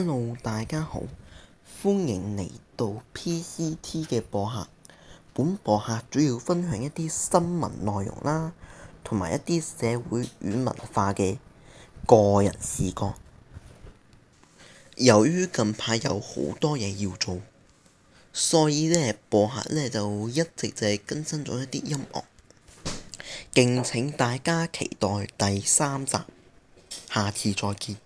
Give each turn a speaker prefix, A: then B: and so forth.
A: Hello，大家好，歡迎嚟到 PCT 嘅播客。本播客主要分享一啲新聞內容啦，同埋一啲社會與文化嘅個人視角。由於近排有好多嘢要做，所以咧播客咧就一直就係更新咗一啲音樂，敬請大家期待第
B: 三集，下次再見。